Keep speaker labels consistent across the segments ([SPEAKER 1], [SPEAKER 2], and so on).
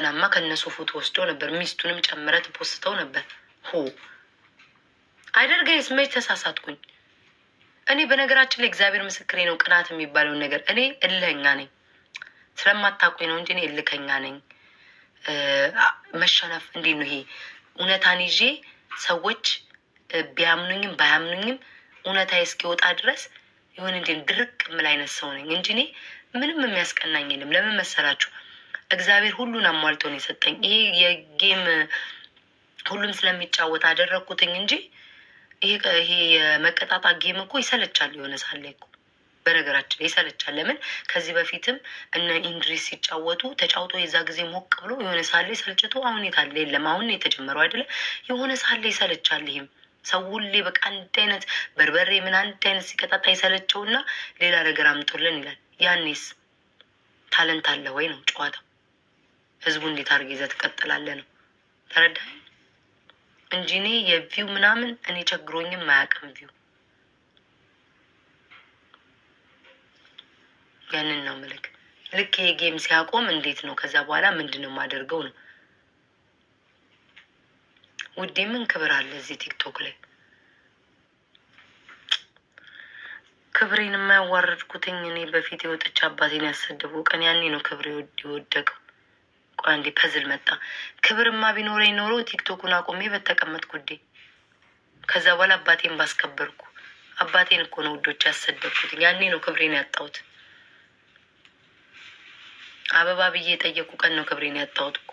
[SPEAKER 1] ትናንትናማ ከእነሱ ፎቶ ወስዶ ነበር፣ ሚስቱንም ጨምረ ትፖስተው ነበር። ሆ አይደርገኝስ መች ተሳሳትኩኝ? እኔ በነገራችን ላይ እግዚአብሔር ምስክሬ ነው። ቅናት የሚባለውን ነገር እኔ እልኸኛ ነኝ ስለማታውቁኝ ነው እንጂ እኔ እልከኛ ነኝ። መሸነፍ እንዴት ነው ይሄ? እውነታን ይዤ ሰዎች ቢያምኑኝም ባያምኑኝም እውነታ እስኪወጣ ድረስ ይሁን እንዴ ድርቅ የምል አይነት ሰው ነኝ እንጂ እኔ ምንም የሚያስቀናኝ የለም። ለምን መሰላችሁ? እግዚአብሔር ሁሉን አሟልቶ ነው የሰጠኝ። ይሄ የጌም ሁሉም ስለሚጫወት አደረግኩትኝ እንጂ ይሄ የመቀጣጣ ጌም እኮ ይሰለቻል። የሆነ ሳለ እኮ በነገራችን ላይ ይሰለቻል። ለምን ከዚህ በፊትም እነ ኢንድሪስ ሲጫወቱ ተጫውቶ የዛ ጊዜ ሞቅ ብሎ የሆነ ሳለ ሰልችቶ አሁን የታለ የለም። አሁን የተጀመረው አይደለ የሆነ ሳለ ይሰለቻል። ይህም ሰው ሁሌ በቃ አንድ አይነት በርበሬ ምን አንድ አይነት ሲቀጣጣ ይሰለቸውና ሌላ ነገር አምጡልን ይላል። ያኔስ ታለንት አለ ወይ ነው ጨዋታው። ህዝቡ እንዴት አድርገህ ይዘህ ትቀጥላለህ ነው። ተረዳኸኝ? እንጂ እኔ የቪው ምናምን እኔ ቸግሮኝም አያውቅም ቪው ያንን ነው ምልክ ልክ ይሄ ጌም ሲያቆም እንዴት ነው ከዛ በኋላ ምንድን ነው የማደርገው ነው ውዴ። ምን ክብር አለ እዚህ ቲክቶክ ላይ? ክብሬን የማያዋረድኩትኝ እኔ በፊት የወጥቼ አባቴን ያሰደቡ ቀን ያኔ ነው ክብሬ የወደቀው። ቆይ አንዴ ፐዝል መጣ። ክብርማ ቢኖረኝ ኖሮ ቲክቶኩን አቁሜ በተቀመጥኩ ዴ ከዛ በኋላ አባቴን ባስከበርኩ። አባቴን እኮ ነው ውዶች ያሰደብኩት። ያኔ ነው ክብሬን ያጣሁት። አበባ ብዬ የጠየቁ ቀን ነው ክብሬን ያጣሁት እኮ።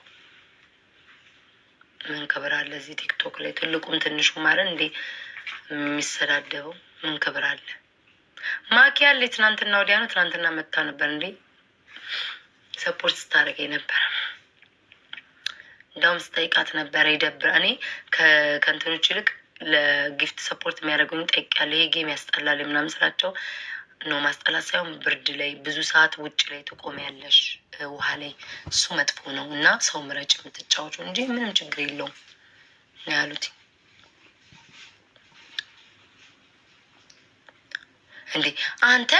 [SPEAKER 1] ምን ክብር አለ እዚህ ቲክቶክ ላይ ትልቁም ትንሹ ማረ እንዴ የሚሰዳደበው? ምን ክብር አለ? ማኪያሌ ትናንትና ወዲያ ነው ትናንትና መታ ነበር እንዴ ሰፖርት ስታደርገኝ ነበር። እንደውም ስጠይቃት ነበረ ይደብር እኔ ከእንትኖች ይልቅ ለጊፍት ሰፖርት የሚያደርጉኝ ጠይቄያለሁ። ይሄ ጌም ያስጠላል ምናምን ስላቸው ነው ማስጠላት ሳይሆን ብርድ ላይ ብዙ ሰዓት ውጭ ላይ ትቆሚያለሽ፣ ውሃ ላይ እሱ መጥፎ ነው እና ሰው ምረጭ የምትጫወቹ እንጂ ምንም ችግር የለውም ነው ያሉት። እንዴ አንተ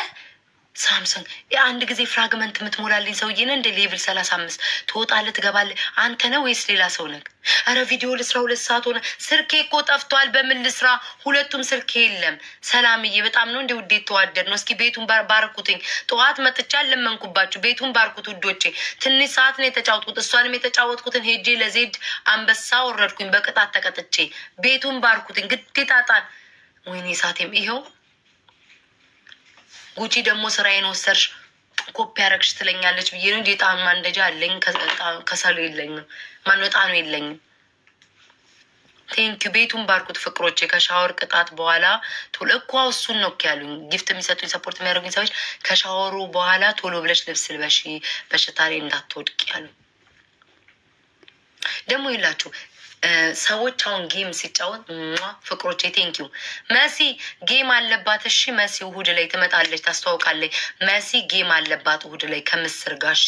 [SPEAKER 1] ሳምሰንግ አንድ ጊዜ ፍራግመንት የምትሞላልኝ ሰውዬ ነህ እንደ ሌቭል ሰላሳ አምስት ትወጣለህ ትገባለህ። አንተ ነህ ወይስ ሌላ ሰው ነህ? ኧረ ቪዲዮ ልስራ ሁለት ሰዓት ሆነ። ስልኬ እኮ ጠፍቷል። በምን ልስራ? ሁለቱም ስልኬ የለም። ሰላምዬ በጣም ነው እንደ ውዴት ተዋደድ ነው። እስኪ ቤቱን ባርኩትኝ። ጠዋት መጥቻ ለመንኩባችሁ። ቤቱን ባርኩት ውዶቼ። ትንሽ ሰዓት ነው የተጫወትኩት። እሷንም የተጫወትኩትን ሄጄ ለዜድ አንበሳ ወረድኩኝ። በቅጣት ተቀጥቼ ቤቱን ባርኩትኝ። ግዴታ ጣን ወይኔ ሳቴም ይኸው ጉቺ ደግሞ ስራዬን ወሰርሽ ኮፒ ያረግሽ ትለኛለች ብዬ ነው። የጣም ማንደጃ አለኝ ከሰሉ የለኝም። ማን እጣኑ የለኝም። ቴንኪዩ ቤቱን ባርኩት ፍቅሮቼ። ከሻወር ቅጣት በኋላ ቶሎ እኮ እሱን ነው ያሉኝ፣ ጊፍት የሚሰጡኝ ሰፖርት የሚያደርጉኝ ሰዎች። ከሻወሩ በኋላ ቶሎ ብለሽ ልብስ ልበሽ፣ በሽታ ላይ እንዳትወድቅ ያሉ ደግሞ ይላችሁ ሰዎች አሁን ጌም ሲጫወት ፍቅሮቼ ቴንኪው መሲ ጌም አለባት። እሺ መሲ እሑድ ላይ ትመጣለች፣ ታስተዋውቃለች። መሲ ጌም አለባት ውሁድ ላይ ከምስር ጋር እሺ።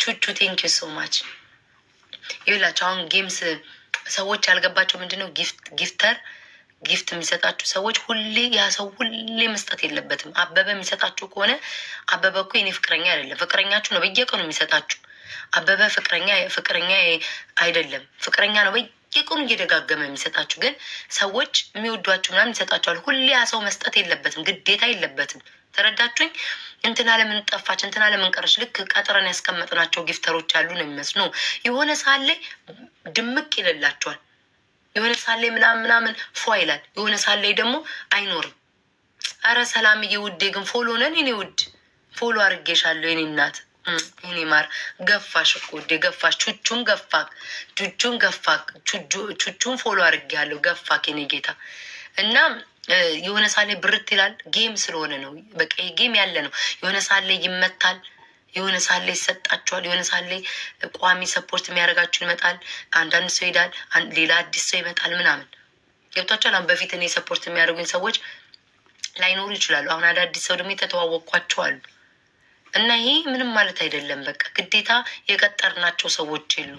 [SPEAKER 1] ቹቹ ቴንኪው ሶ ማች ይላቸው። አሁን ጌምስ ሰዎች ያልገባቸው ምንድነው ጊፍተር ጊፍት የሚሰጣችሁ ሰዎች ሁሌ ያ ሰው ሁሌ መስጠት የለበትም። አበበ የሚሰጣችሁ ከሆነ አበበ እኮ የኔ ፍቅረኛ አይደለም፣ ፍቅረኛችሁ ነው፣ በየቀኑ የሚሰጣችሁ አበበ ፍቅረኛ ፍቅረኛ አይደለም ፍቅረኛ ነው በየቀኑ እየደጋገመ የሚሰጣችሁ ግን ሰዎች የሚወዷችሁ ምናምን ይሰጣችኋል። ሁሌ ሰው መስጠት የለበትም ግዴታ የለበትም። ተረዳችሁኝ? እንትና ለምን ጠፋች፣ እንትና ለምን ቀረች፣ ልክ ቀጥረን ያስቀመጥናቸው ጊፍተሮች ያሉ ነው የሚመስሉ የሆነ ሰዓት ላይ ድምቅ ይልላቸዋል። የሆነ ሰዓት ላይ ምናምን ምናምን ፏ ይላል። የሆነ ሰዓት ላይ ደግሞ አይኖርም። አረ ሰላምዬ ውዴ ግን ፎሎ ነን የኔ ውድ ፎሎ አርጌሻለሁ የኔ እናት እኔ ማር ገፋሽ እኮ ወደ ገፋሽ ቹቹን ገፋክ ቹቹን ገፋክ ቹቹን ፎሎ አድርግ ያለው ገፋክ የኔ ጌታ እና የሆነ ሳለ ብርት ይላል። ጌም ስለሆነ ነው። በቃ ጌም ያለ ነው። የሆነ ሳለ ይመታል። የሆነ ሳለ ይሰጣቸዋል። የሆነ ሳለ ቋሚ ሰፖርት የሚያደርጋችሁ ይመጣል። አንዳንድ ሰው ይሄዳል፣ ሌላ አዲስ ሰው ይመጣል። ምናምን ገብቷቸዋል። አሁን በፊት እኔ ሰፖርት የሚያደርጉኝ ሰዎች ላይኖሩ ይችላሉ። አሁን አዳዲስ ሰው ደግሞ የተተዋወቅኳቸው አሉ። እና ይሄ ምንም ማለት አይደለም። በቃ ግዴታ የቀጠርናቸው ሰዎች የሉ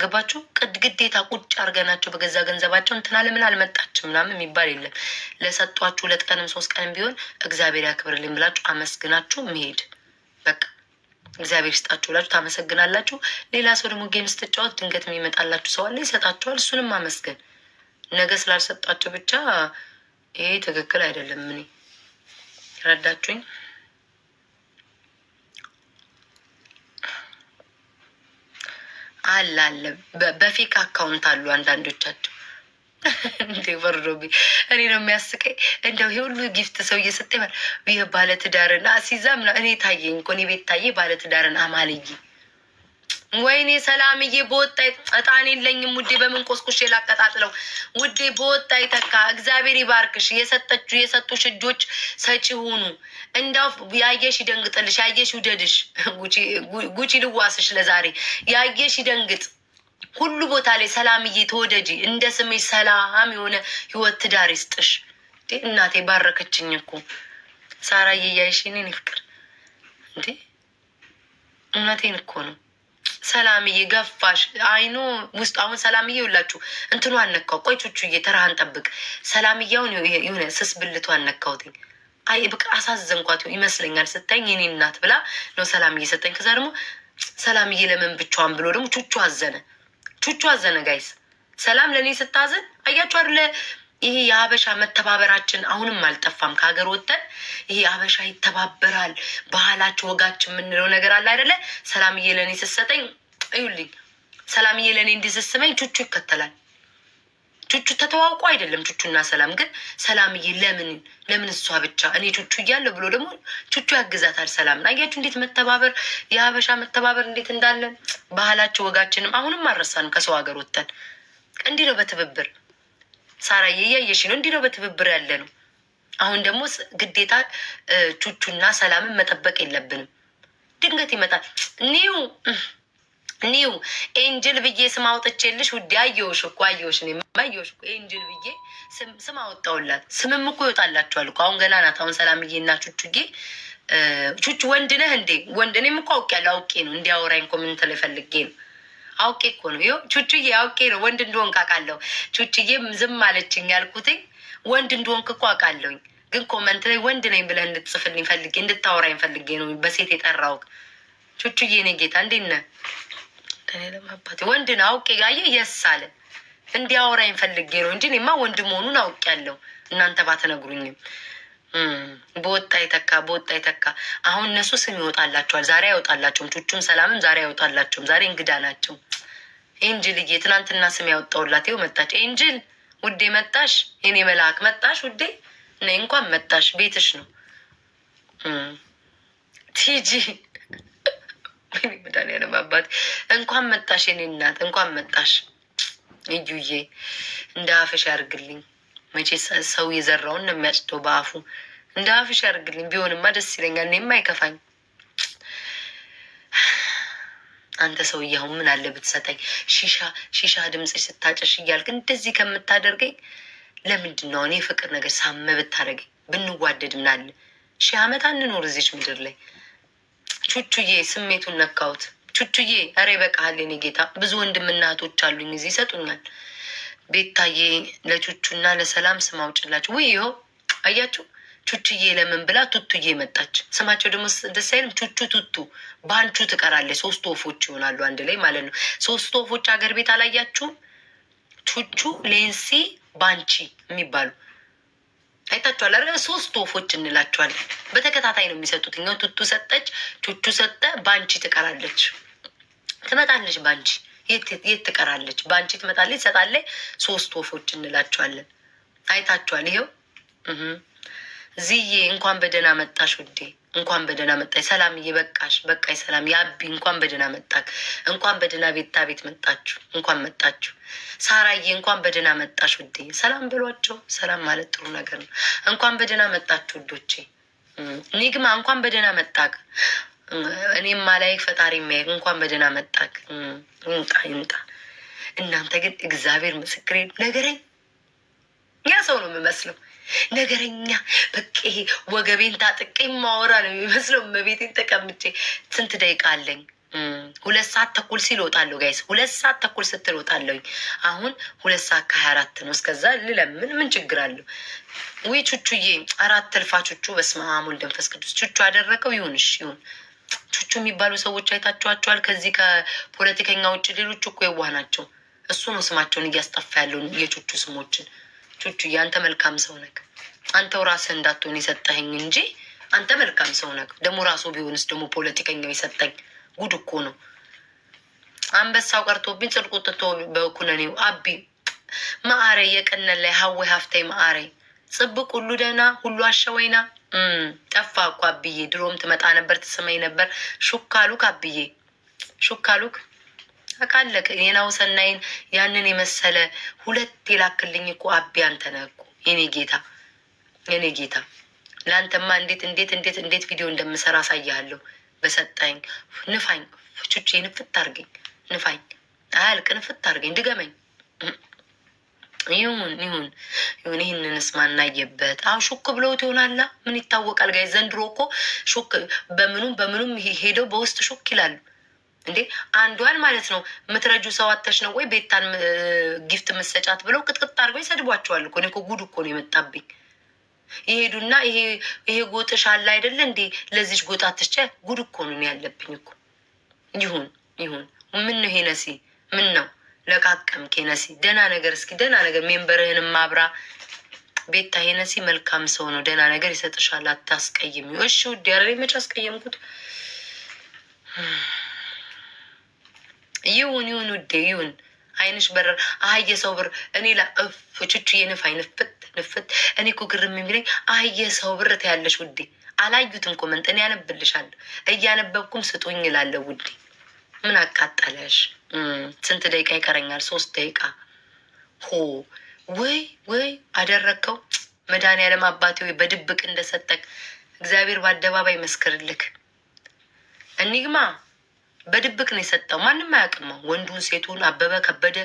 [SPEAKER 1] ገባችሁ? ቅድ ግዴታ ቁጭ አድርገናቸው በገዛ ገንዘባቸው እንትና ለምን አልመጣችም ምናምን የሚባል የለም። ለሰጧችሁ ሁለት ቀንም ሶስት ቀንም ቢሆን እግዚአብሔር ያክብርልኝ ብላችሁ አመስግናችሁ መሄድ በቃ እግዚአብሔር ይስጣችሁ ብላችሁ ታመሰግናላችሁ። ሌላ ሰው ደግሞ ጌም ስትጫወት ድንገት የሚመጣላችሁ ሰው አለ፣ ይሰጣችኋል። እሱንም አመስገን። ነገ ስላልሰጧቸው ብቻ ይሄ ትክክል አይደለም እኔ ረዳችሁኝ። አለ አለ በፌክ አካውንት አሉ አንዳንዶቻቸው። እንዴ ወርዶብኝ እኔ ነው የሚያስቀኝ። እንደው ይሄ ሁሉ ጊፍት ሰው እየሰጠ ይባል ይህ ባለትዳርን አሲዛ ነው እኔ ታየኝ እኮ እኔ ቤት ታየ ባለትዳርን አማልይ ወይኔ ሰላምዬ በወጣ እጣን የለኝም ውዴ፣ በምን ቆስቁሼ ላቀጣጥለው ውዴ። በወጣ ይተካ እግዚአብሔር ይባርክሽ። የሰጠችው የሰጡሽ እጆች ሰጪ ሁኑ። እንዳው ያየሽ ይደንግጥልሽ፣ ያየሽ ይውደድሽ። ጉቺ ልዋስሽ ለዛሬ ያየሽ ይደንግጥ። ሁሉ ቦታ ላይ ሰላምዬ ተወደጂ። እንደ ስሜሽ ሰላም የሆነ ህይወት ትዳር ይስጥሽ። እናቴ ባረከችኝ እኮ ሳራዬ፣ እያይሽ እኔን ይፍቅር እንዴ፣ እውነቴን እኮ ነው። ሰላምዬ ገፋሽ አይኑ ውስጥ አሁን ሰላምዬ ይውላችሁ እንትኑ አነካው። ቆይ ቹቹዬ ተራህን ጠብቅ። ሰላምያውን የሆነ ስስ ብልቱ አነካውትኝ። አይ በቃ አሳዘንኳት ይመስለኛል ስታኝ የኔ እናት ብላ ነው ሰላምዬ ሰጠኝ። ከዛ ደግሞ ሰላምዬ ለምን ብቻዋን ብሎ ደግሞ ቹቹ አዘነ። ቹቹ አዘነ ጋይስ ሰላም ለእኔ ስታዘን አያችሁ አይደለ ይሄ የሀበሻ መተባበራችን አሁንም አልጠፋም። ከሀገር ወጥተን ይሄ ሀበሻ ይተባበራል ባህላችን፣ ወጋችን የምንለው ነገር አለ አይደለ? ሰላምዬ ለእኔ ስትሰጠኝ እዩልኝ፣ ሰላምዬ ለእኔ እንዲስስመኝ ቹቹ ይከተላል። ቹቹ ተተዋውቆ አይደለም ቹቹና ሰላም ግን፣ ሰላምዬ ለምን ለምን እሷ ብቻ እኔ ቹቹ እያለሁ ብሎ ደግሞ ቹቹ ያግዛታል ሰላምን። አያችሁ እንዴት መተባበር የሀበሻ መተባበር እንዴት እንዳለን ባህላቸው ወጋችንም አሁንም አልረሳንም። ከሰው ሀገር ወጥተን እንዲህ ነው በትብብር ሳራ እያየሽ ነው። እንዲህ ነው በትብብር ያለ ነው። አሁን ደግሞ ግዴታ ቹቹና ሰላምን መጠበቅ የለብንም። ድንገት ይመጣል። ኒው ኒው ኤንጅል ብዬ ስም አውጥቼልሽ ውዴ፣ አየሁሽ እኮ አየሁሽ፣ አየሁሽ እኮ ኤንጅል ብዬ ስም አወጣውላት። ስምም እኮ ይወጣላችኋል እኮ አሁን ገና ናት። አሁን ሰላምዬ እና ቹቹዬ ቹቹ ወንድ ነህ እንዴ? ወንድ እኔም እኮ አውቄያለሁ፣ አውቄ ነው እንዲያወራኝ ኮምንት ላይ ፈልጌ ነው አውቄ እኮ ነው ይኸው ቹቹዬ፣ አውቄ ነው ወንድ እንደሆንክ አውቃለሁ። ቹቹዬ ዝም አለችኝ ያልኩትኝ ወንድ እንደሆንክ እኮ አውቃለሁኝ፣ ግን ኮመንት ላይ ወንድ ነኝ ብለህ እንድትጽፍልኝ ፈልጌ እንድታወራኝ ፈልጌ ነው በሴት የጠራሁት። ቹቹዬ፣ ነኝ ጌታ እንዴት ነህ? ለማባት ወንድ ነው አውቄ። አየህ የስ አለ እንዲያወራኝ ፈልጌ ነው እንጂ እኔማ ወንድ መሆኑን አውቄያለሁ። እናንተ ባትነግሩኝም በወጣ ይተካ በወጣ ይተካ። አሁን እነሱ ስም ይወጣላቸዋል። ዛሬ አይወጣላቸውም። ቹቹም ሰላምም ዛሬ አይወጣላቸውም። ዛሬ እንግዳ ናቸው። ኤንጅልዬ ትናንትና ስም ያወጣውላት ይኸው መጣች። ኤንጅል ውዴ መጣሽ፣ የኔ መልአክ መጣሽ ውዴ፣ ነይ እንኳን መጣሽ፣ ቤትሽ ነው። ቲጂ መድኃኒዓለም አባት እንኳን መጣሽ፣ የኔ እናት እንኳን መጣሽ። እዩዬ እንደ አፈሽ ያርግልኝ። መቼ ሰው የዘራውን ነው የሚያጭደው በአፉ። እንደ አፍሽ ያደርግልኝ። ቢሆንማ ደስ ይለኛል፣ እኔም አይከፋኝ። አንተ ሰውዬ አሁን ምን አለ ብትሰጠኝ? ሺሻ ሺሻ ድምፅሽ ስታጨሽ እያልክ እንደዚህ ከምታደርገኝ ለምንድን ነው እኔ ፍቅር ነገር ሳመ ብታደርገኝ? ብንዋደድ ምን አለ? ሺህ ዓመት አንኖር እዚች ምድር ላይ። ቹቹዬ ስሜቱን ነካሁት። ቹቹዬ፣ ኧረ ይበቃሃል የኔ ጌታ። ብዙ ወንድምና እህቶች አሉኝ እዚህ ይሰጡኛል። ቤታዬ ለቹቹና ለሰላም ስም አውጭላቸው። ውይ አያችሁ ቹቹዬ ለምን ብላ ቱቱዬ መጣች። ስማቸው ደግሞ ደስ አይልም። ቹቹ ቱቱ በአንቹ ትቀራለች። ሶስት ወፎች ይሆናሉ አንድ ላይ ማለት ነው። ሶስት ወፎች አገር ቤት አላያችሁም? ቹቹ፣ ሌንሲ፣ ባንቺ የሚባሉ አይታችኋል አይደል? ሶስት ወፎች እንላቸዋለን። በተከታታይ ነው የሚሰጡት። እኛው ቱቱ ሰጠች፣ ቹቹ ሰጠ፣ ባንቺ ትቀራለች። ትመጣለች ባንቺ የት ትቀራለች? በአንቺ ትመጣለች፣ ትሰጣለች። ሶስት ወፎች እንላቸዋለን። አይታችኋል። ይኸው ዝዬ እንኳን በደህና መጣሽ ውዴ፣ እንኳን በደህና መጣሽ። ሰላምዬ በቃሽ፣ በቃይ። ሰላም ያቢ፣ እንኳን በደህና መጣ እንኳን በደህና ቤታ ቤት መጣችሁ፣ እንኳን መጣችሁ። ሳራዬ እንኳን በደህና መጣሽ ውዴ። ሰላም ብሏቸው፣ ሰላም ማለት ጥሩ ነገር ነው። እንኳን በደህና መጣችሁ ውዶቼ። ኒግማ እንኳን በደህና መጣክ እኔም ማላይ ፈጣሪ የሚያየቅ እንኳን በደህና መጣቅ ይምጣ ይምጣ። እናንተ ግን እግዚአብሔር ምስክሬን ነገረኝ ያ ሰው ነው የምመስለው ነገረኛ በቃ ይሄ ወገቤን ታጥቄ ማወራ ነው የሚመስለው። መቤቴን ተቀምጬ ስንት ደቂቃ አለኝ? ሁለት ሰዓት ተኩል ሲል እወጣለሁ። ጋይስ ሁለት ሰዓት ተኩል ስትል እወጣለሁኝ። አሁን ሁለት ሰዓት ከሀያ አራት ነው። እስከዛ ልለምን ምን ችግር አለው? ወይ ቹቹዬ፣ አራት ትልፋ ቹቹ። በስመ አብ ወወልድ ወመንፈስ ቅዱስ ቹቹ አደረገው። ይሁንሽ ይሁን ቹቹ የሚባሉ ሰዎች አይታችኋቸዋል። ከዚህ ከፖለቲከኛ ውጭ ሌሎች እኮ የዋህ ናቸው። እሱ ነው ስማቸውን እያስጠፋ ያለውን የቹቹ ስሞችን። ቹቹ አንተ መልካም ሰው ነክ አንተው ራስህ እንዳትሆን የሰጠኸኝ እንጂ አንተ መልካም ሰው ነክ። ደግሞ ራሱ ቢሆንስ ደግሞ ፖለቲከኛው የሰጠኝ ጉድ እኮ ነው። አንበሳው ቀርቶብኝ ጽድቁ ትቶ በኩነኔው አቢ ማአሬ የቀነላይ ሀዌ ሀፍታይ ማአሬ ጽብቅ ሁሉ ደህና ሁሉ አሸወይና ጠፋ እኮ አብዬ። ድሮም ትመጣ ነበር፣ ትስመኝ ነበር። ሹካሉክ አብዬ፣ ሹካሉክ አቃለቅ የናው ሰናይን ያንን የመሰለ ሁለት የላክልኝ እኮ አቢ አንተ ነህ እኮ የኔ ጌታ፣ የኔ ጌታ። ለአንተማ እንዴት እንዴት እንዴት እንዴት ቪዲዮ እንደምሰራ አሳያለሁ። በሰጣኝ ንፋኝ፣ ፍቹቼ ንፍት አርገኝ፣ ንፋኝ፣ አያልቅ፣ ንፍት አርገኝ፣ ድገመኝ ይሁን ይሁን ይሁን። ይህንን እስማ እናየበት። አሁ ሹክ ብለውት ይሆናላ። ምን ይታወቃል? ጋይ ዘንድሮ እኮ ሹክ በምኑም በምኑም ሄደው በውስጥ ሹክ ይላሉ። እንዴ አንዷን ማለት ነው ምትረጁ ሰው ነው ወይ ቤታን ጊፍት ምሰጫት ብለው ቅጥቅጥ አድርገው ይሰድቧቸዋል እኮ። እኔ እኮ ጉድ እኮ ነው የመጣብኝ። ይሄዱና ይሄ ይሄ ጎጥሽ አለ አይደለ እንዴ ለዚች ጎጥ አትስጨ ጉድ እኮ ነው ያለብኝ እኮ። ይሁን ይሁን። ምን ነው ሄነሲ ምን ነው ለቃቀም ኬነሲ ደህና ነገር እስኪ ደህና ነገር ሜምበርህን ማብራ ቤታ ሄነሲ መልካም ሰው ነው። ደህና ነገር ይሰጥሻል። አታስቀይም። እሺ ውድ ያረቤ መች አስቀየምኩት? ይሁን ይሁን ውዴ ይሁን። አይንሽ በረር አህየ ሰው ብር እኔ ላ እፍ ችቹ የንፍ አይንፍት ንፍት እኔ እኮ ግርም የሚለኝ አህየ ሰው ብር ትያለሽ ውዴ። አላዩትም ኮመንት እኔ ያነብልሻለሁ። እያነበብኩም ስጡኝ እላለሁ ውዴ። ምን አቃጠለሽ? ስንት ደቂቃ ይቀረኛል? ሶስት ደቂቃ። ሆ ወይ ወይ አደረግከው። መድኃኒዓለም አባቴ ወይ በድብቅ እንደሰጠቅ እግዚአብሔር በአደባባይ መስክርልክ። እኒግማ በድብቅ ነው የሰጠው፣ ማንም አያውቅም። ወንዱን፣ ሴቱን፣ አበበ ከበደ፣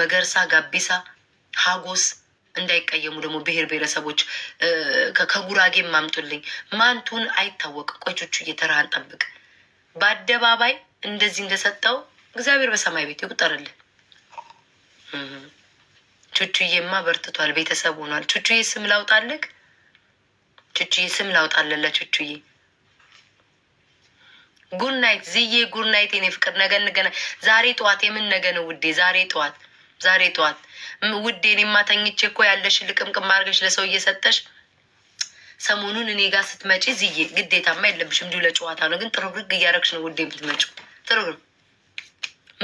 [SPEAKER 1] መገርሳ፣ ጋቢሳ፣ ሀጎስ እንዳይቀየሙ ደግሞ ብሔር ብሔረሰቦች ከጉራጌ ማምጡልኝ። ማንቱን አይታወቅ። ቆይቾቹ እየተራህን ጠብቅ። በአደባባይ እንደዚህ እንደሰጠው እግዚአብሔር በሰማይ ቤት ይቁጠርልን። ቹቹዬማ በርትቷል፣ ቤተሰብ ሆኗል። ቹቹዬ ስም ላውጣልክ፣ ቹቹዬ ስም ላውጣለን ለቹቹዬ። ጉድ ናይት ዝዬ፣ ጉድ ናይት የኔ ፍቅር። ነገ እንገናኝ። ዛሬ ጠዋት የምን ነገ ነው ውዴ? ዛሬ ጠዋት ዛሬ ጠዋት ውዴ፣ እኔማ ተኝቼ እኮ ያለሽ ልቅምቅም አድርገሽ ለሰው እየሰጠሽ ሰሞኑን እኔ ጋር ስትመጪ ዝዬ ግዴታማ የለብሽም፣ እንዲሁ ለጨዋታ ነው። ግን ጥርግርግ እያረግሽ ነው ውዴ የምትመጪው። ጥርግርግ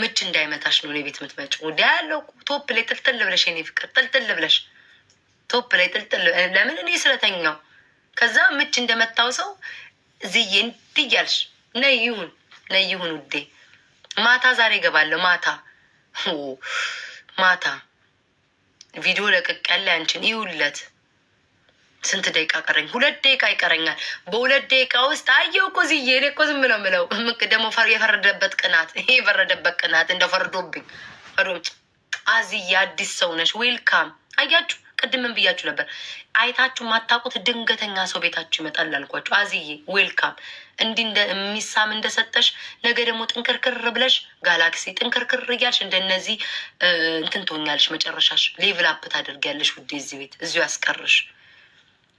[SPEAKER 1] ምች እንዳይመታሽ ነው እኔ ቤት የምትመጪው ውዴ። ያለው ቶፕ ላይ ጥልጥል ብለሽ የኔ ፍቅር ጥልጥል ብለሽ ቶፕ ላይ ጥልጥል። ለምን እኔ ስለተኛው ከዛ ምች እንደመታው ሰው ዝዬ እንዲህ እያልሽ ነይ ይሁን ነይ ይሁን ውዴ። ማታ ዛሬ እገባለሁ ማታ ማታ ቪዲዮ ለቅቅ ያለ አንቺን ይውለት ስንት ደቂቃ ቀረኝ? ሁለት ደቂቃ ይቀረኛል። በሁለት ደቂቃ ውስጥ አየው እኮ ዝዬ እኔ እኮ ዝም ነው የምለው። ደግሞ የፈረደበት ቅናት፣ ይሄ የፈረደበት ቅናት እንደ ፈርዶብኝ። አዝዬ አዲስ ሰው ነሽ፣ ዌልካም። አያችሁ ቅድምን ብያችሁ ነበር። አይታችሁ ማታውቁት ድንገተኛ ሰው ቤታችሁ ይመጣል ላልኳችሁ፣ አዝዬ ዌልካም። እንዲህ የሚሳም እንደሰጠሽ ነገ ደግሞ ጥንክርክር ብለሽ ጋላክሲ ጥንክርክር እያልሽ እንደነዚህ እንትን ትሆኛለሽ። መጨረሻሽ ሌቭል አፕ ታደርጊያለሽ ውዴ። እዚህ ቤት እዚሁ ያስቀርሽ።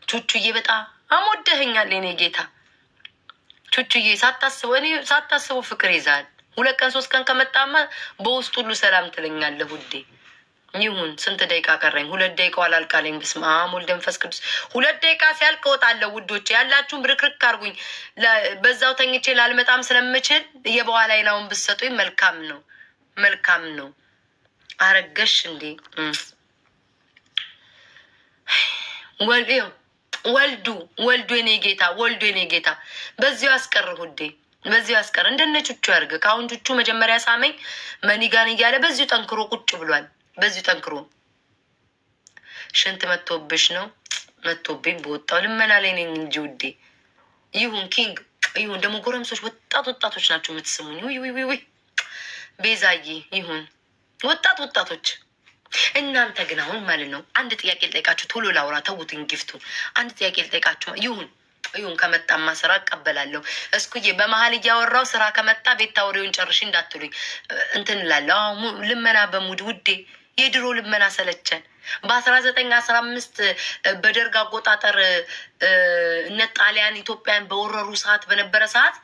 [SPEAKER 1] ቹቹዬ በጣም አሞደኸኛል የኔ ጌታ ቹቹዬ፣ ሳታስበው እኔ ሳታስበው ፍቅር ይዛል። ሁለት ቀን ሶስት ቀን ከመጣማ በውስጥ ሁሉ ሰላም ትለኛለህ ውዴ። ይሁን ስንት ደቂቃ ቀረኝ? ሁለት ደቂቃው አላልቃለኝ። በስመ አብ ወልድ መንፈስ ቅዱስ። ሁለት ደቂቃ ሲያልቅ እወጣለሁ ውዶች፣ ያላችሁን ብርክርክ አርጉኝ። በዛው ተኝቼ ላልመጣም ስለምችል የበኋላ ይናውን ብሰጡኝ መልካም ነው፣ መልካም ነው። አረገሽ እንዴ? ወልዱ ወልዱ የኔ ጌታ ወልዱ የኔ ጌታ በዚያው አስቀር ሁዴ በዚሁ አስቀር እንደነ ቹቹ ያርግ። ከአሁን ቹቹ መጀመሪያ ሳመኝ መኒጋን እያለ በዚሁ ጠንክሮ ቁጭ ብሏል። በዚሁ ጠንክሮ ሽንት መቶብሽ ነው መቶብኝ በወጣው ልመና ላይ ነኝ እንጂ ውዴ። ይሁን ኪንግ ይሁን ደግሞ ጎረምሶች ወጣት ወጣቶች ናቸው የምትስሙኝ። ውይ ውይ ውይ ቤዛዬ ይሁን ወጣት ወጣቶች እናንተ ግን አሁን ማለት ነው አንድ ጥያቄ ልጠይቃችሁ። ቶሎ ላውራ ተውትን፣ ጊፍቱ አንድ ጥያቄ ልጠይቃችሁ። ይሁን ይሁን ከመጣማ ስራ እቀበላለሁ። እስኩዬ በመሀል እያወራው ስራ ከመጣ ቤት ታውሪውን ጨርሽ እንዳትሉኝ እንትን እላለሁ። ልመና በሙድ ውዴ፣ የድሮ ልመና ሰለቸን። በአስራ ዘጠኝ አስራ አምስት በደርግ አቆጣጠር እነ ጣሊያን ኢትዮጵያን በወረሩ ሰዓት በነበረ ሰዓት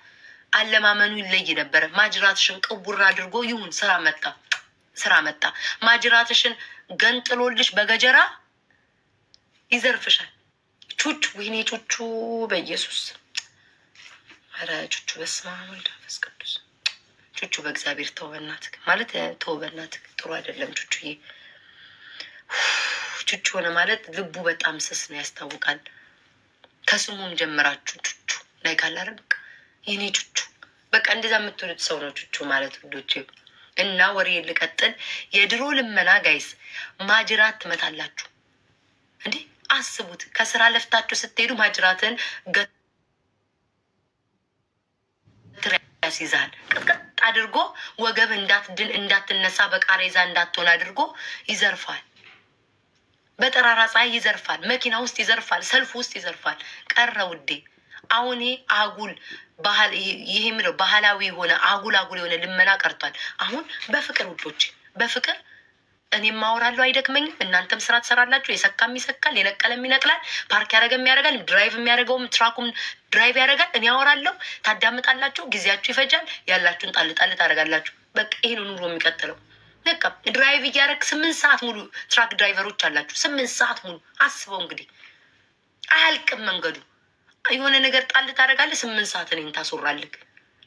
[SPEAKER 1] አለማመኑ ይለይ ነበር። ማጅራትሽን ቅቡር አድርጎ ይሁን ስራ መጣ ስራ መጣ። ማጅራትሽን ገንጥሎልሽ በገጀራ ይዘርፍሻል። ቹቹ ወይኔ ቹቹ፣ በኢየሱስ ኧረ ቹቹ፣ በስመ አብ ወወልድ ወመንፈስ ቅዱስ። ቹቹ በእግዚአብሔር ተው በእናትህ ማለት ተው በእናትህ ጥሩ አይደለም ቹቹዬ። ቹቹ ሆነ ማለት ልቡ በጣም ስስ ነው ያስታውቃል። ከስሙም ጀምራችሁ ቹቹ ላይ ካላረግ በቃ የኔ ቹቹ በቃ እንደዛ የምትወዱት ሰው ነው ቹቹ ማለት ውዶቼ። እና ወሬ ልቀጥል። የድሮ ልመና ጋይስ ማጅራት ትመታላችሁ እንዴ? አስቡት። ከስራ ለፍታችሁ ስትሄዱ ማጅራትን ገትር ያስይዛል ቅጥቅጥ አድርጎ ወገብ እንዳትድን እንዳትነሳ፣ በቃሬዛ እንዳትሆን አድርጎ ይዘርፋል። በጠራራ ፀሐይ ይዘርፋል። መኪና ውስጥ ይዘርፋል። ሰልፍ ውስጥ ይዘርፋል። ቀረ ውዴ። አሁን አጉል ይሄ የሚለው ባህላዊ የሆነ አጉል አጉል የሆነ ልመና ቀርቷል። አሁን በፍቅር ውዶች፣ በፍቅር እኔም አወራለሁ አይደክመኝም፣ እናንተም ስራ ትሰራላችሁ። የሰካም ይሰካል፣ የነቀለም ይነቅላል፣ ፓርክ ያደረገም ያደርጋል፣ ድራይቭ የሚያደርገውም ትራኩም ድራይቭ ያደርጋል። እኔ አወራለሁ፣ ታዳምጣላችሁ፣ ጊዜያችሁ ይፈጃል፣ ያላችሁን ጣል ጣል ታደርጋላችሁ። በቃ ይሄ ነው ኑሮ የሚቀጥለው። በቃ ድራይቭ እያደረግ ስምንት ሰዓት ሙሉ ትራክ ድራይቨሮች አላችሁ፣ ስምንት ሰዓት ሙሉ አስበው እንግዲህ አያልቅም መንገዱ። የሆነ ነገር ጣል ታደርጋለህ። ስምንት ሰዓት እኔን ታስራልክ።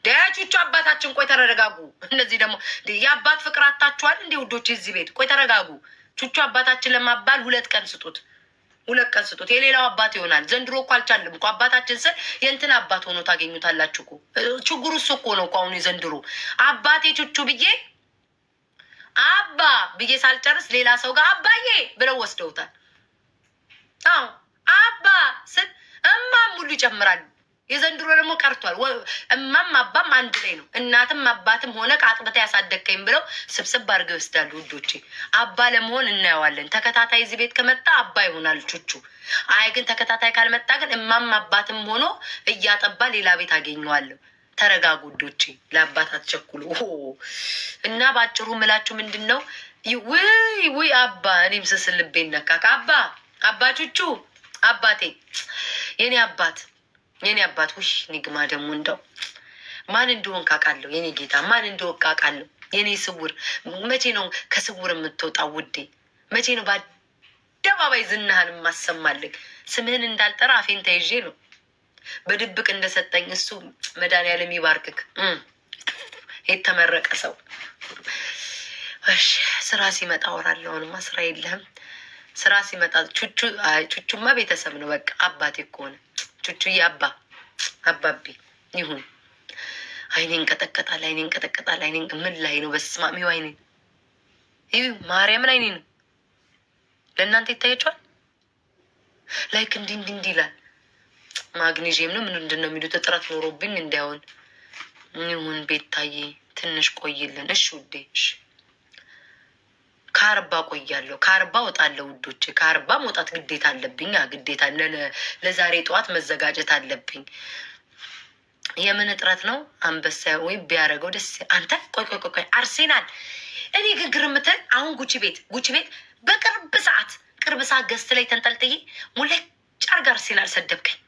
[SPEAKER 1] ዳያቾቹ አባታችን ቆይ ተረጋጉ። እነዚህ ደግሞ የአባት ፍቅር አታችኋል እንዴ ውዶች? እዚህ ቤት ቆይ ተረጋጉ። ቹቹ አባታችን ለማባል ሁለት ቀን ስጡት፣ ሁለት ቀን ስጡት። የሌላው አባት ይሆናል። ዘንድሮ እኮ አልቻለም እኮ አባታችን ስል የእንትን አባት ሆኖ ታገኙታላችሁ እኮ። ችግሩ እሱ እኮ ነው እኮ አሁኑ የዘንድሮ አባቴ ቹቹ ብዬ አባ ብዬ ሳልጨርስ ሌላ ሰው ጋር አባዬ ብለው ወስደውታል። አዎ ሁሉ ይጨምራሉ። የዘንድሮ ደግሞ ቀርቷል። እማም አባም አንድ ላይ ነው። እናትም አባትም ሆነ ከአጥብታ ያሳደግከኝ ብለው ስብስብ አድርገው ይወስዳሉ። ውዶቼ አባ ለመሆን እናየዋለን። ተከታታይ እዚህ ቤት ከመጣ አባ ይሆናል ቹቹ። አይ ግን ተከታታይ ካልመጣ ግን እማም አባትም ሆኖ እያጠባ ሌላ ቤት አገኘዋለሁ። ተረጋጉ ውዶቼ፣ ለአባት አትቸኩሉ። እና በአጭሩ ምላችሁ ምንድን ነው? ውይ ውይ አባ እኔም ስስልቤ ነካክ አባ አባ ቹቹ አባቴ የኔ አባት የኔ አባት ውሽ ኒግማ ደግሞ እንደው ማን እንደሆን ካቃለሁ የኔ ጌታ ማን እንደሆን ካቃለሁ የኔ ስውር መቼ ነው ከስውር የምትወጣው ውዴ? መቼ ነው በአደባባይ ዝናህን የማሰማልግ? ስምህን እንዳልጠራ አፌን ተይዤ ነው በድብቅ እንደሰጠኝ እሱ መድኃኒዓለም ይባርክክ። የተመረቀ ሰው እሺ፣ ስራ ሲመጣ አወራለሁ። አሁንማ ስራ የለህም። ስራ ሲመጣ ቹቹማ ቤተሰብ ነው። በቃ አባቴ ከሆነ ቹቹዬ አባ አባቤ ይሁን። አይኔ እንቀጠቀጣል፣ አይኔ እንቀጠቀጣል። አይኔ ምን ላይ ነው? በስማሚ አይኔ ይህ ማርያምን አይኔ ነው። ለእናንተ ይታያቸዋል። ላይክ እንዲ እንዲ እንዲ ይላል። ማግኔዥየም ነው ምን ምንድን ነው የሚሉት? እጥረት ኖሮብኝ እንዳይሆን ይሁን። ቤት ታዬ ትንሽ ቆይልን። እሺ ውዴ፣ እሺ ከአርባ ቆያለሁ፣ ከአርባ ወጣለሁ ውዶች። ከአርባ መውጣት ግዴታ አለብኝ፣ ግዴታ ለዛሬ ጠዋት መዘጋጀት አለብኝ። የምን እጥረት ነው? አንበሳ ወይም ቢያደርገው ደስ አንተ። ቆይ ቆይ ቆይ፣ አርሴናል እኔ ግግር ምትል አሁን ጉቺ ቤት ጉቺ ቤት በቅርብ ሰዓት ቅርብ ሰዓት ገስት ላይ ተንጠልጥዬ ሙለጫ አርጋ አርሴናል ሰደብከኝ።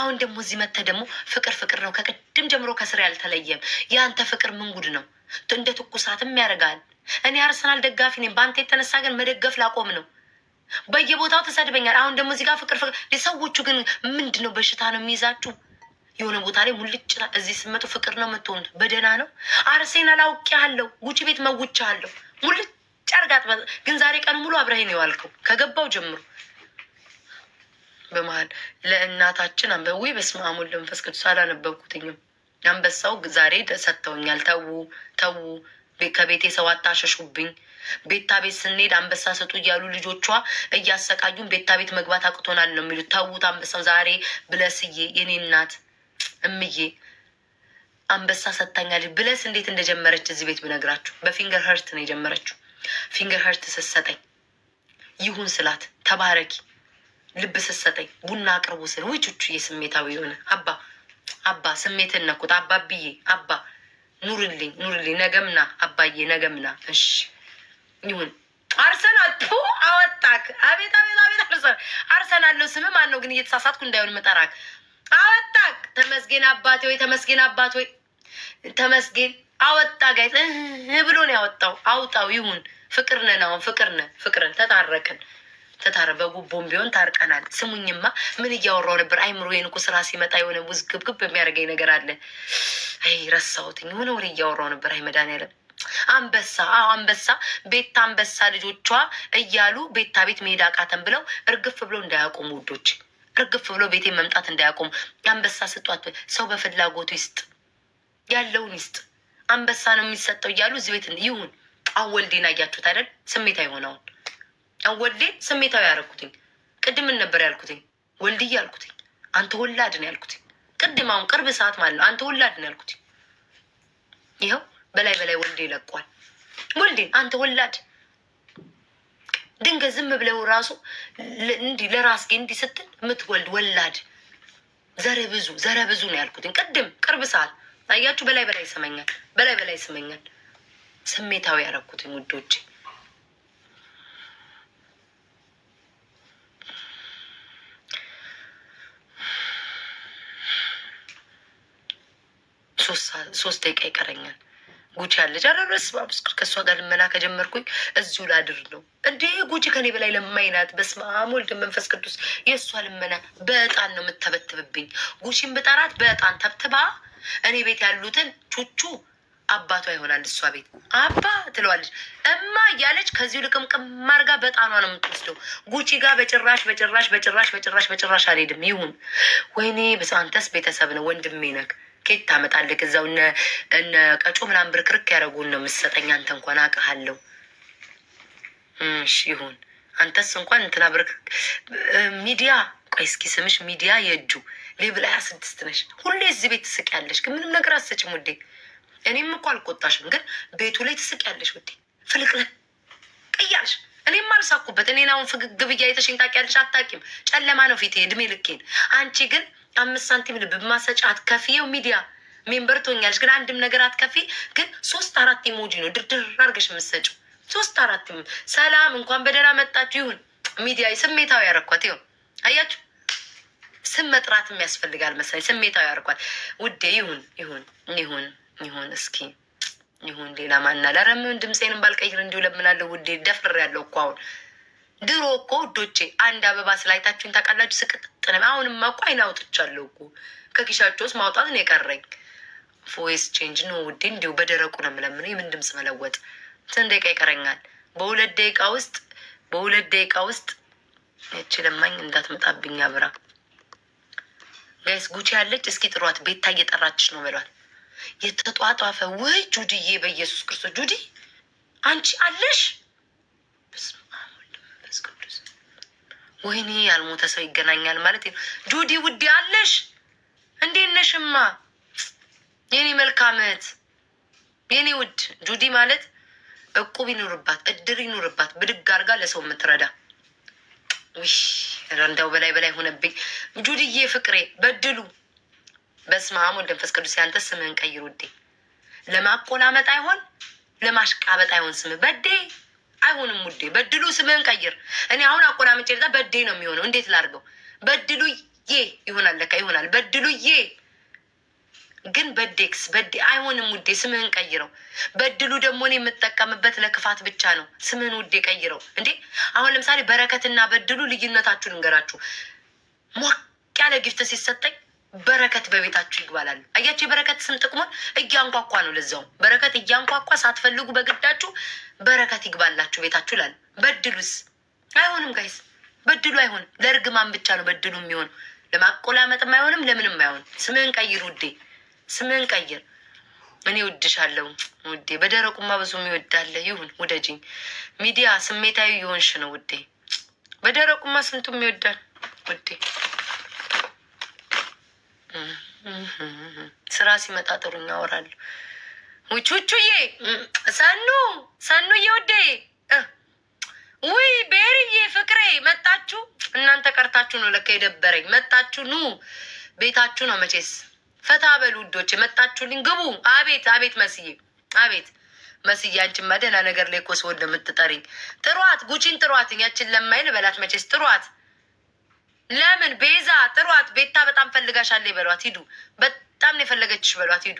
[SPEAKER 1] አሁን ደግሞ እዚህ መተ ደግሞ ፍቅር ፍቅር ነው። ከቅድም ጀምሮ ከስር ያልተለየም የአንተ ፍቅር ምንጉድ ነው? እንደ ትኩሳትም ያደርጋል። እኔ አርሰናል ደጋፊ ነኝ። በአንተ የተነሳ ግን መደገፍ ላቆም ነው። በየቦታው ተሰድበኛል። አሁን ደግሞ እዚህ ጋር ፍቅር ፍቅር። ሰዎቹ ግን ምንድን ነው በሽታ ነው የሚይዛችሁ? የሆነ ቦታ ላይ ሙልጭ እዚህ ስመጡ ፍቅር ነው የምትሆኑት። በደህና ነው። አርሴናል አውቄሃለሁ፣ ጉቺ ቤት መውቻሃለሁ። ሙልጭ አርጋት። ግን ዛሬ ቀን ሙሉ አብረኸኝ የዋልከው ከገባው ጀምሮ በመሀል ለእናታችን አንበዊ በስመ አብ ወወልድ ወመንፈስ ቅዱስ አላነበብኩትኝም። አንበሳው ዛሬ ሰጥተውኛል። ተዉ ተዉ ከቤቴ ሰው አታሸሹብኝ። ቤታ ቤት ስንሄድ አንበሳ ስጡ እያሉ ልጆቿ እያሰቃዩን ቤታ ቤት መግባት አቅቶናል ነው የሚሉት። ተዉት አንበሳው ዛሬ ብለስዬ፣ የኔ እናት እምዬ አንበሳ ሰጥታኛለች። ብለስ እንዴት እንደጀመረች እዚህ ቤት ብነግራችሁ፣ በፊንገር ሀርት ነው የጀመረችው። ፊንገር ሀርት ስትሰጠኝ ይሁን ስላት ተባረኪ፣ ልብ ስትሰጠኝ ቡና አቅርቡ ስል ውጭ ውጭ ስሜታዊ የሆነ አባ አባ ስሜትን ነኩት አባ ብዬ አባ ኑርልኝ ኑርልኝ፣ ነገምና አባዬ ነገምና። እሺ ይሁን። አርሰናል ፑ አወጣክ። አቤት አቤት አቤት። አርሰናል አርሰናል ነው ስም ማን ነው ግን? እየተሳሳትኩ እንዳይሆን መጠራክ አወጣክ። ተመስገን አባቴ ወይ ተመስገን አባቴ ወይ ተመስገን አወጣ። ጋይ ብሎ ነው ያወጣው። አውጣው ይሁን። ፍቅር ነን አሁን ፍቅር ነን ፍቅርን ተጣረቅን። ተታረ በጉቦም ቢሆን ታርቀናል። ስሙኝማ ምን እያወራው ነበር? አይምሮ እኮ ስራ ሲመጣ የሆነ ውዝግብግብ የሚያደርገኝ ነገር አለ። አይ ረሳሁትኝ። የሆነ ወሬ እያወራው ነበር። አይ መድኃኒዓለም አንበሳ አዎ አንበሳ ቤታ አንበሳ ልጆቿ እያሉ ቤታ ቤት መሄድ አቃተን ብለው እርግፍ ብለው እንዳያቆሙ ውዶች፣ እርግፍ ብለው ቤቴ መምጣት እንዳያቆሙ። አንበሳ ስጧት። ሰው በፍላጎቱ ይስጥ፣ ያለውን ይስጥ። አንበሳ ነው የሚሰጠው እያሉ እዚህ ቤት ይሁን። አሁን ወልዴን አያችሁት አይደል? ስሜት አይሆነውን ወልዴ ስሜታዊ ያደረኩትኝ ቅድም ነበር ያልኩትኝ ወልድዬ ያልኩትኝ አንተ ወላድ ነው ያልኩትኝ ቅድም አሁን ቅርብ ሰዓት ማለት ነው አንተ ወላድ ነው ያልኩትኝ ይኸው በላይ በላይ ወልዴ ይለቋል ወልዴ አንተ ወላድ ድንገት ዝም ብለው ራሱ እንዲህ ለራስጌ እንዲህ ስትል የምትወልድ ወላድ ዘረ ብዙ ዘረ ብዙ ነው ያልኩትኝ ቅድም ቅርብ ሰዓት አያችሁ በላይ በላይ ይሰመኛል በላይ በላይ ይሰመኛል ስሜታዊ ያደረኩትኝ ውዶቼ ሶስት ደቂቃ ይቀረኛል። ጉቺ ያለች አረረስ ባብስኩር ከእሷ ጋር ልመና ከጀመርኩኝ እዚሁ ላድር ነው እንዴ? ጉቺ ከኔ በላይ ለማኝ ናት። በስመ አብ ወልድ መንፈስ ቅዱስ። የእሷ ልመና በእጣን ነው የምተበትብብኝ። ጉቺን ብጠራት በእጣን ተብትባ እኔ ቤት ያሉትን ቹቹ አባቷ ይሆናል። እሷ ቤት አባ ትለዋለች እማ እያለች ከዚሁ ልቅምቅም አድርጋ በጣኗ ነው የምትወስደው። ጉቺ ጋር በጭራሽ በጭራሽ በጭራሽ በጭራሽ በጭራሽ አልሄድም። ይሁን ወይኔ በሳንተስ ቤተሰብ ነው ወንድሜ ነክ ኬት ታመጣለህ? እዛው እነ ቀጮ ምናምን ብርክርክ ያደረጉን ነው የምትሰጠኝ። አንተ እንኳን አውቅሃለሁ። እሺ ይሁን። አንተስ እንኳን እንትና ብርክ ሚዲያ ቆይ እስኪ ስምሽ ሚዲያ የእጁ ሌብል ሀያ ስድስት ነሽ። ሁሌ እዚህ ቤት ትስቂያለሽ፣ ግን ምንም ነገር አትሰጭም ውዴ። እኔም እኮ አልቆጣሽም፣ ግን ቤቱ ላይ ትስቂያለሽ ውዴ። ፍልቅለን ቀያልሽ እኔም አልሳኩበት። እኔን አሁን ፍግግ ብዬ አይተሽኝ ታውቂያለሽ? አታውቂም። ጨለማ ነው ፊቴ እድሜ ልኬን። አንቺ ግን አምስት ሳንቲም ልብ ማሰጫ አትከፍዬው ሚዲያ ሜምበር ትሆኛለሽ፣ ግን አንድም ነገር አትከፊ። ግን ሶስት አራት ኢሞጂ ነው ድርድር አድርገሽ የምትሰጪው ሶስት አራት ሰላም እንኳን በደህና መጣችሁ ይሁን ሚዲያ ስሜታዊ ያረኳት ይሁን አያችሁ፣ ስም መጥራትም ያስፈልጋል መሰለኝ። ስሜታዊ ያረኳት ውዴ ይሁን ይሁን ይሁን ይሁን እስኪ ይሁን ሌላ ማና ለረምን ድምፄንም ባልቀይር እንዲሁ ለምናለሁ ውዴ ደፍር ያለው እኮ አሁን ድሮ እኮ ውዶቼ አንድ አበባ ስላይታችሁን ታውቃላችሁ። ስቅጥጥነ አሁንማ እኮ አይን አውጥቻለሁ እኮ ከኪሻቸው ውስጥ ማውጣት ነው የቀረኝ። ቮይስ ቼንጅ ነው ውዴ፣ እንዲሁ በደረቁ ነው የምለምነው። የምን ድምፅ መለወጥ ስንት ደቂቃ ይቀረኛል? በሁለት ደቂቃ ውስጥ በሁለት ደቂቃ ውስጥ ይቺ ለማኝ እንዳትመጣብኝ አብራ ጋይስ ጉቺ ያለች እስኪ ጥሯት። ቤታ እየጠራችሽ ነው በሏት። የተጧጧፈ ወይ ጁዲዬ፣ በኢየሱስ ክርስቶስ ጁዲ አንቺ አለሽ መንፈስ ቅዱስ። ወይኔ ያልሞተ ሰው ይገናኛል ማለት ነው። ጆዲ ውዴ አለሽ እንዴት ነሽማ? የኔ መልካመት የኔ ውድ ጆዲ ማለት እቁብ ይኑርባት፣ እድር ይኑርባት፣ ብድግ አድርጋ ለሰው የምትረዳ ውይ ረንዳው በላይ በላይ ሆነብኝ። ጁድዬ ፍቅሬ በድሉ በስመ አብ መንፈስ ቅዱስ ያንተ ስምህን ቀይር ውዴ። ለማቆላመጥ አይሆን ለማሽቃበጥ አይሆን ስምህ በዴ አይሆንም ውዴ። በድሉ ስምህን ቀይር። እኔ አሁን አቆራምጭ ዛ በዴ ነው የሚሆነው። እንዴት ላድርገው? በድሉዬ ይሆናል፣ ለካ ይሆናል። በድሉዬ ግን በዴክስ በዴ አይሆንም ውዴ። ስምህን ቀይረው። በድሉ ደግሞ እኔ የምጠቀምበት ለክፋት ብቻ ነው። ስምህን ውዴ ቀይረው። እንዴ አሁን ለምሳሌ በረከትና በድሉ ልዩነታችሁ ልንገራችሁ። ሞቅ ያለ ጊፍት ሲሰጠኝ በረከት በቤታችሁ ይግባላል። አያችሁ የበረከት ስም ጥቅሙን እያንኳኳ ነው። ለዛውም በረከት እያንኳኳ ሳትፈልጉ በግዳችሁ በረከት ይግባላችሁ ቤታችሁ ይላል። በድሉስ አይሆንም ጋይስ፣ በድሉ አይሆንም። ለእርግማን ብቻ ነው በድሉ የሚሆን። ለማቆላመጥም አይሆንም፣ ለምንም አይሆን። ስምህን ቀይር ውዴ፣ ስምህን ቀይር። እኔ እወድሻለሁ ውዴ። በደረቁማ ብዙ የሚወዳለ ይሁን፣ ውደጅኝ። ሚዲያ ስሜታዊ የሆንሽ ነው ውዴ። በደረቁማ ስንቱ የሚወዳል ውዴ። ስራ ሲመጣ ጥሩ አወራለሁ። ውቹ ውቹዬ፣ ሰኑ ሰኑ እየወደ ውይ፣ ቤርዬ ፍቅሬ መጣችሁ። እናንተ ቀርታችሁ ነው ለካ የደበረኝ። መጣችሁ፣ ኑ ቤታችሁ ነው መቼስ። ፈታ በሉ ውዶች፣ መጣችሁልኝ፣ ግቡ። አቤት አቤት፣ መስዬ አቤት መስዬ፣ አንቺማ ማደና ነገር ላይ እኮ ሰው እንደምትጠሪኝ ጥሯት፣ ጉቺን ጥሯት፣ እኛችን ለማይል በላት መቼስ ጥሯት። ለምን ቤዛ ጥሯት፣ ቤታ በጣም ፈልጋሻለ በሏት፣ ሂዱ። በጣም ነው የፈለገችሽ በሏት፣ ሂዱ።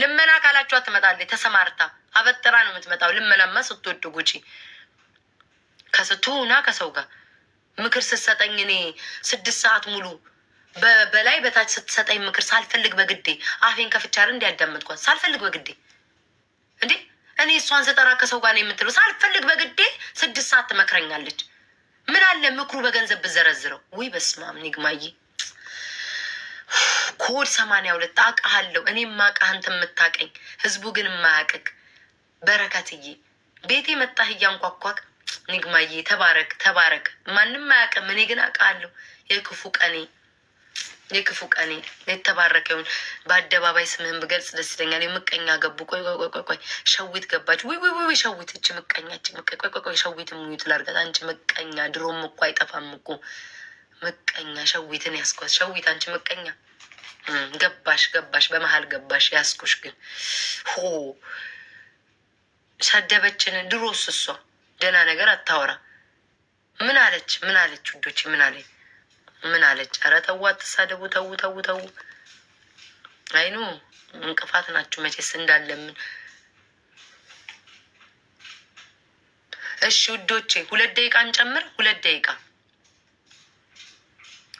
[SPEAKER 1] ልመና ካላችኋት ትመጣለች። ተሰማርታ አበጥራ ነው የምትመጣው። ልመናማ ስትወድ ጉጪ ከስትሁና ከሰው ጋር ምክር ስትሰጠኝ እኔ ስድስት ሰዓት ሙሉ በላይ በታች ስትሰጠኝ ምክር ሳልፈልግ በግዴ አፌን ከፍቻር እንዲያዳመጥኳት ሳልፈልግ በግዴ እንዴ እኔ እሷን ስጠራ ከሰው ጋር ነው የምትለው። ሳልፈልግ በግዴ ስድስት ሰዓት ትመክረኛለች። ምን አለ ምክሩ በገንዘብ ብዘረዝረው። ውይ በስማም ኒግማይ ኮድ ሰማንያ ሁለት አውቃሃለሁ። እኔም ማውቃህ አንተ የምታቀኝ ህዝቡ ግን የማያውቅህ በረከትዬ፣ ቤቴ መጣህ እያንኳኳክ። ኒግማዬ ተባረክ ተባረክ። ማንም አያውቅም፣ እኔ ግን አውቃለሁ የክፉ ቀኔ የክፉ ቀኔ የተባረከ ይሁን። በአደባባይ ስምህን ብገልጽ ደስ ይለኛል። የምቀኛ ገቡ። ቆይ ቆይ ቆይ ቆይ ሸዊት ገባች። ውይ ውይ ውይ ሸዊት እች ምቀኛች ቆይ ቆይ ቆይ ሸዊት ሙዩት ላርጋት። አንቺ ምቀኛ ድሮም እኮ አይጠፋም እኮ ምቀኛ። ሸዊትን ያስኳት። ሸዊት አንቺ ምቀኛ ገባሽ ገባሽ፣ በመሀል ገባሽ ያስኩሽ። ግን ሆ ሰደበችን። ድሮስ እሷ ደህና ነገር አታወራ። ምን አለች? ምን አለች? ውዶች ምን አለች? ምን አለች? ኧረ ተው አትሳደቡ፣ ተው ተው ተው። አይኑ እንቅፋት ናችሁ መቼስ እንዳለምን። እሺ ውዶቼ ሁለት ደቂቃ እንጨምር፣ ሁለት ደቂቃ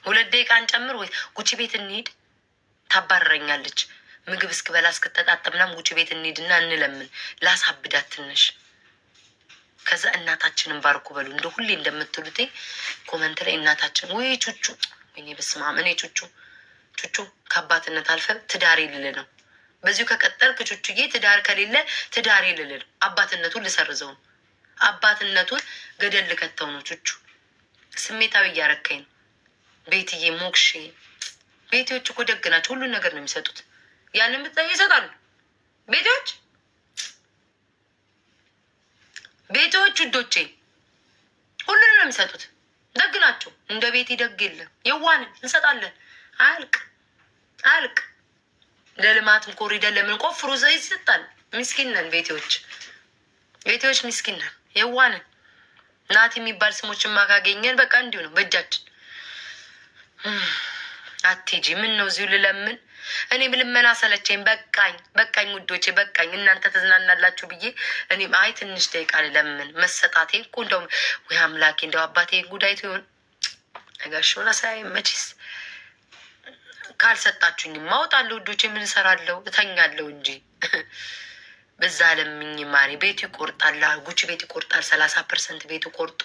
[SPEAKER 1] ሁለት ደቂቃ እንጨምር። ወይ ጉቺ ቤት እንሂድ፣ ታባረረኛለች ምግብ እስክበላ እስክጠጣጠምናም ጉቺ ቤት እንሂድና እንለምን። ላሳብዳት ትንሽ እናታችንን ባርኩ በሉ እንደ ሁሌ እንደምትሉት ኮመንት ላይ እናታችን ወይ ቹቹ ወይኔ በስመ አብ እኔ ቹቹ ቹቹ ከአባትነት አልፈ ትዳር ልል ነው። በዚሁ ከቀጠልክ ቹቹዬ ትዳር ከሌለ ትዳር ልል ነው። አባትነቱን ልሰርዘው ነው። አባትነቱን ገደል ልከተው ነው። ቹቹ ስሜታዊ እያረካኝ ነው። ቤትዬ ሞክሼ ቤቴዎች እኮ ደግ ናቸው። ሁሉን ነገር ነው የሚሰጡት። ያንን ብታይ ይሰጣሉ ቤቴዎች ቤቶች ውዶቼ ሁሉንም ነው የሚሰጡት። ደግ ናቸው። እንደ ቤት ደግ የለም። የዋንን እንሰጣለን። አልቅ አልቅ ለልማትም ኮሪደር ለምን ቆፍሩ ይሰጣል። ምስኪን ነን ቤቴዎች፣ ቤቴዎች ምስኪን ነን፣ የዋንን ናት የሚባል ስሞችን ማካገኘን በቃ እንዲሁ ነው በእጃችን አትሄጂ። ምን ነው እዚሁ ልለምን? እኔ ልመና ሰለቸኝ። በቃኝ በቃኝ ውዶቼ በቃኝ። እናንተ ተዝናናላችሁ ብዬ እኔም አይ ትንሽ ደቂቃ ልለምን መሰጣቴ እኮ እንደውም ወይ አምላኬ፣ እንደው አባቴ ጉዳይቱ ይሆን ነጋሽሆነ ሳይ መቼስ ካልሰጣችሁኝ ማወጣለሁ ውዶቼ። ምን እሰራለሁ? እተኛለሁ እንጂ በዛ ለምኝ ማሪ ቤቱ ይቆርጣል። ጉች ቤት ይቆርጣል። ሰላሳ ፐርሰንት ቤቱ ቆርጦ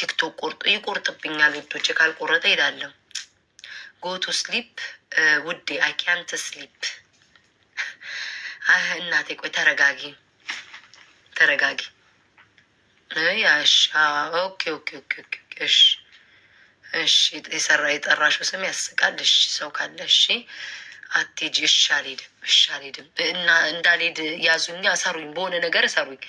[SPEAKER 1] ቲክቶክ ቆርጦ ይቆርጥብኛል ውዶቼ። ካልቆረጠ ሄዳለሁ። ጎቱ ስሊፕ ውዴ፣ አይ ካንት ስሊፕ። እናቴ ቆይ ተረጋጊ፣ ተረጋጊ። ኦኬ ኦኬ ኦኬ እሺ እሺ የሰራ የጠራሽው ስም ያስቃል። እሺ ሰው ካለ እሺ፣ አትሄጂ። እሺ አልሄድም፣ እሺ አልሄድም እና እንዳልሄድ ያዙኝ፣ አሰሩኝ፣ በሆነ ነገር እሰሩኝ።